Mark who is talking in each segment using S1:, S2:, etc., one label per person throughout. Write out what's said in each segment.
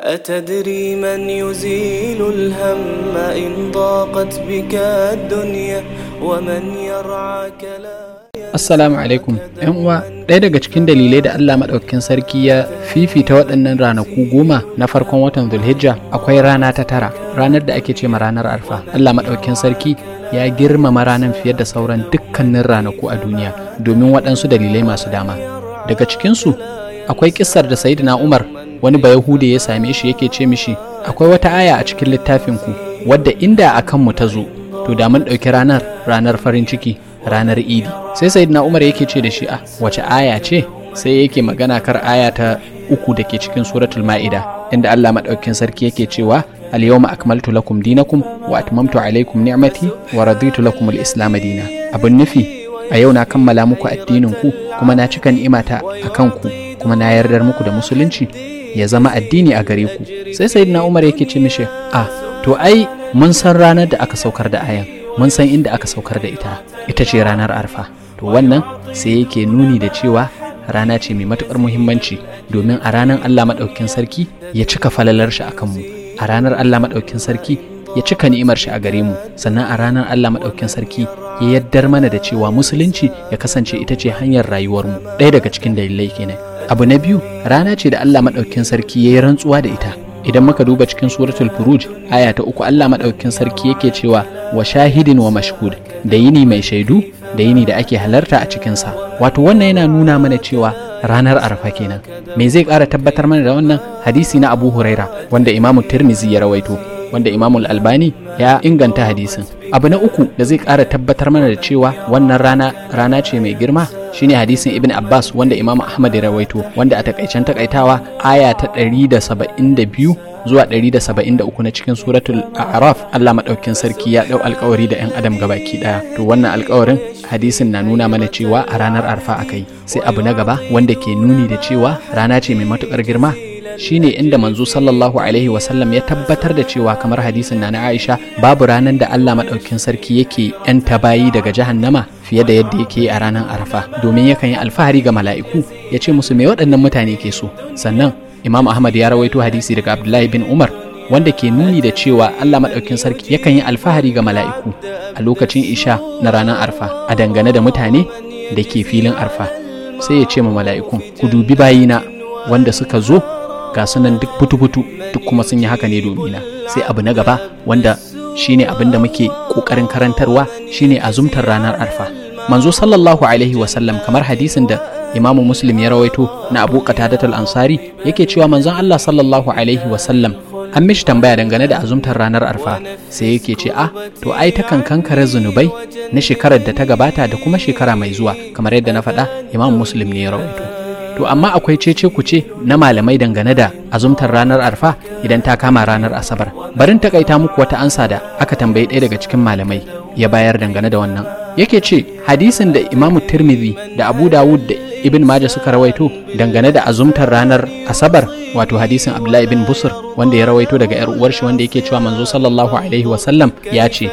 S1: أتدري من يزيل الهم إن ضاقت بك الدنيا ومن يرعاك لا Assalamu alaikum ‘yan uwa ɗaya daga cikin dalilai da Allah maɗaukakin sarki ya fifita waɗannan ranaku goma na farkon watan Zulhijja akwai rana ta tara ranar da ake ce ma ranar arfa Allah maɗaukakin sarki ya girmama ranar fiye da sauran dukkanin ranaku a duniya domin waɗansu dalilai masu dama daga cikinsu akwai kissar da Sayyidina Umar wani bayahude ya same shi yake ce mishi akwai wata aya a cikin littafin ku wadda inda a kanmu ta zo to da mun ɗauki ranar ranar farin ciki ranar idi sai na umar yake ce da shi a ah, wace aya ce sai yake magana kar aya ta uku da ke cikin suratul ma'ida inda allah maɗaukin sarki yake cewa اليوم أكملت لكم دينكم وأتممت عليكم نعمتي ورضيت لكم الإسلام دينا أبو nufi, a yau na kammala muku addininku kuma na cika ni'imata a kanku kuma na yardar muku da musulunci ya zama addini a gare ku sai sai na umar yake ce mishi a ah, to ai mun san ranar da aka saukar da ayan mun san inda aka saukar da ita ita ce ranar arfa to wannan sai yake nuni da cewa rana ce mai matukar muhimmanci domin a ranar Allah maɗaukin sarki ya cika falalar shi a kanmu a ranar Allah maɗaukin sarki ya cika ni'imar shi a gare mu sannan a ranar Allah maɗaukin sarki ya yaddar mana da cewa musulunci ya kasance ita ce hanyar rayuwarmu ɗaya daga cikin dalilai kenan abu na biyu rana ce da Allah maɗaukin sarki ya yi rantsuwa da ita idan muka duba cikin suratul furuj aya ta uku Allah maɗaukin sarki yake cewa wa shahidin wa mashhud da yini mai shaidu da yini da ake halarta a cikinsa wato wannan yana nuna mana cewa ranar arfa kenan me zai ƙara tabbatar mana da wannan hadisi na abu huraira wanda imamu tirmizi ya rawaito wanda imamul albani ya inganta hadisin abu na uku da zai ƙara tabbatar mana da cewa wannan rana rana ce mai girma Shi ne hadisin ibn abbas wanda imam ahmad ya rawaito wanda a takaicen takaitawa aya ta 172 zuwa 173 na cikin suratul araf allah maɗaukin sarki ya ɗau alkawari da 'yan adam gabaki ɗaya to wannan alkawarin hadisin na nuna mana cewa a ranar arfa aka yi sai abu na gaba wanda ke nuni da cewa rana ce mai matuƙar girma shine inda manzo sallallahu alaihi wasallam ya tabbatar da cewa kamar hadisin na Aisha babu ranar da Allah madaukin sarki yake yan bayi daga jahannama fiye da yadda yake a ranar Arafa domin yakan yi alfahari ga mala'iku ya ce musu me waɗannan mutane ke so sannan Imam Ahmad ya rawaito hadisi daga Abdullahi bin Umar wanda ke nuni da cewa Allah maɗaukin sarki yakan yi alfahari ga mala'iku a lokacin isha na ranar arfa a dangane da mutane da ke filin arfa sai ya ce ma mala'iku ku dubi bayina wanda suka zo ga sunan duk butu-butu duk kuma sun yi haka ne domina sai abu na gaba wanda shine abin da muke ƙoƙarin karantarwa shine azumtar ranar arfa manzo sallallahu alaihi wasallam kamar hadisin da imamu muslim ya rawaito na abu qatadatul ansari yake cewa manzon allah sallallahu alaihi wasallam an mishi tambaya dangane da azumtar ranar arfa sai yake ce a ah, to ai ta kan zunubai na shekarar da ta gabata da kuma shekara mai zuwa kamar yadda na faɗa imamu muslim ne ya rawaito to amma akwai cece ce na malamai dangane da azumtar ranar arfa idan ta kama ranar asabar barin takaita muku wata ansa da aka tambayi ɗaya daga cikin malamai ya bayar dangane da wannan yake ce hadisin da imamu tirmidhi da abu dawud da ibn maja suka rawaito dangane da azumtar ranar asabar wato hadisin abdullahi ibn busur wanda ya rawaito daga yar uwar shi wanda yake cewa manzo sallallahu alaihi wasallam ya ce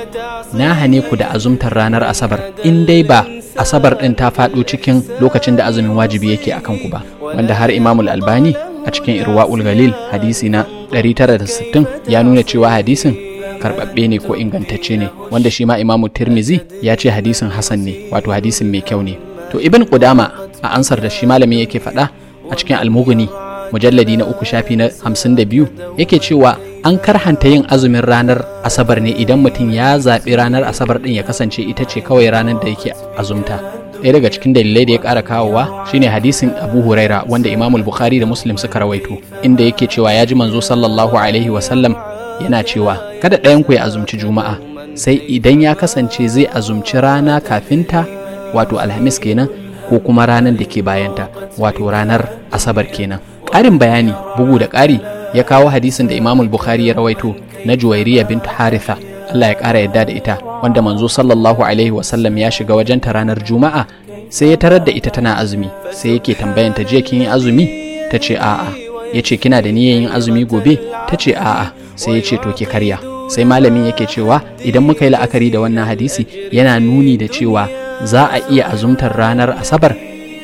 S1: na hane ku da azumtar ranar asabar in dai ba asabar ɗin ta faɗo cikin lokacin da azumin wajibi yake a kanku ba wanda har imamul albani a cikin Irwa ulgalil hadisi na 960 ya nuna cewa hadisin karɓaɓɓe ne ko ingantacce ne wanda shi ma imamu tirmizi ya ce hadisin hasan ne wato hadisin mai kyau ne to ibn Kudama a ansar da shi malamin yake faɗa a cikin almuguni mujalladi na uku shafi na hamsin da biyu yake cewa an karhanta yin azumin ranar asabar ne idan mutum ya zaɓi ranar asabar ɗin ya kasance ita ce kawai ranar da yake azumta ɗaya daga cikin dalilai da ya ƙara kawowa shine hadisin abu huraira wanda imamul bukhari da muslim suka rawaito inda yake cewa ya ji manzo sallallahu alaihi wasallam yana cewa kada ɗayan ku ya azumci juma'a sai idan ya kasance zai azumci rana kafinta wato alhamis kenan ko kuma ranar da ke bayanta wato ranar asabar kenan ƙarin bayani bugu da ƙari ya kawo hadisin da imamul bukhari ya rawaito na juwairiya bintu haritha allah ya ƙara yadda da ita wanda manzo sallallahu alaihi wasallam ya shiga wajen ta ranar juma'a sai ya tarar da ita tana azumi sai yake tambayanta jiya kin yi azumi ta ce a'a ya ce kina da niyyar yin azumi gobe ta ce a'a sai ya ce to ke karya sai malamin yake cewa idan muka yi la'akari da wannan hadisi yana nuni da cewa za a iya azumtar ranar asabar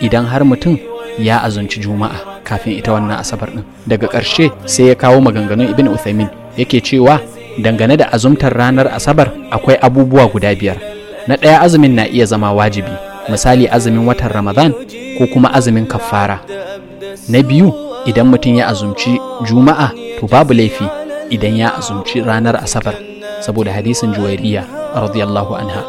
S1: idan har mutum ya azunci juma'a kafin ita wannan asabar din daga ƙarshe sai ya kawo maganganun ibn uthaymin yake cewa dangane da azumtar ranar asabar akwai abubuwa guda biyar na ɗaya azumin na iya zama wajibi misali azumin watan ramadan ko kuma azumin kafara na biyu idan mutum ya azumci juma'a to babu laifi idan ya azumci ranar asabar saboda hadisin juwairiya radiyallahu anha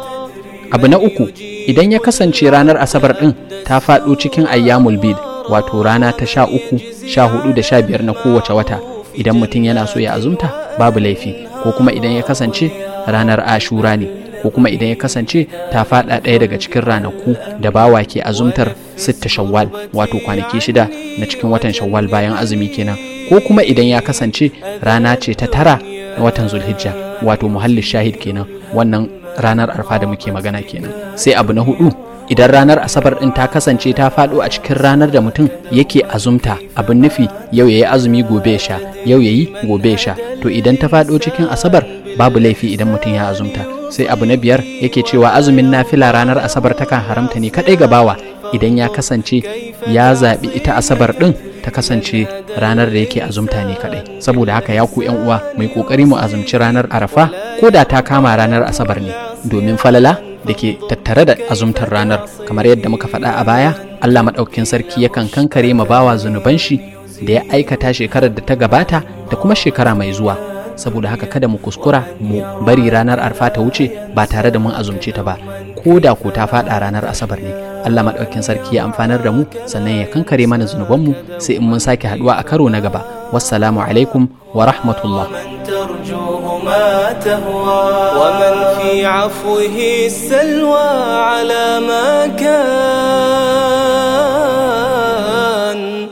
S1: abu na uku idan ya kasance ranar asabar ɗin ta faɗo cikin ayyamul bid wato rana ta sha uku sha hudu da sha biyar na kowace wata idan mutum yana so ya azumta babu laifi ko kuma idan ya kasance ranar ashura ne ko kuma idan ya kasance ta faɗa ɗaya daga cikin ranaku da bawa ke azumtar sitta shawwal wato kwanaki shida na cikin watan shawwal bayan azumi kenan ko kuma idan ya kasance rana ce ta tara na watan zulhijja wato muhallin shahid kenan wannan ranar arfa da muke magana kenan sai abu na hudu idan ranar asabar ɗin ta kasance ta faɗo a cikin ranar da mutum yake azumta abin nufi yau yayi azumi gobe ya sha yau ya yi gobe sha to idan ta faɗo cikin asabar babu laifi idan mutum ya azumta sai abu na biyar yake cewa azumin nafila ranar asabar takan haramta ne kaɗai ga bawa idan ya kasance ya zaɓi ita asabar ɗin ta kasance ranar da yake azumta ne kaɗai saboda haka ya ku yan uwa mai ƙoƙari mu azumci ranar arafa ko da ta kama ranar asabar ne domin falala da ke tattare da azumtar ranar kamar yadda muka faɗa a baya Allah maɗaukin sarki yakan kankare ma bawa zunuban shi da ya aikata shekarar da ta gabata da kuma shekara mai zuwa saboda haka kada mu kuskura mu bari ranar arfa ta wuce ba tare da mun azumce ta ba ko da ko ta faɗa ranar asabar ne Allah maɗaukin sarki ya amfanar da mu sannan ya kankare mana zunubanmu sai in mun sake haɗuwa a karo na gaba wassalamu alaikum wa rahmatullah ترجوه ما تهوى ومن في عفوه السلوى على ما كان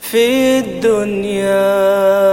S1: في الدنيا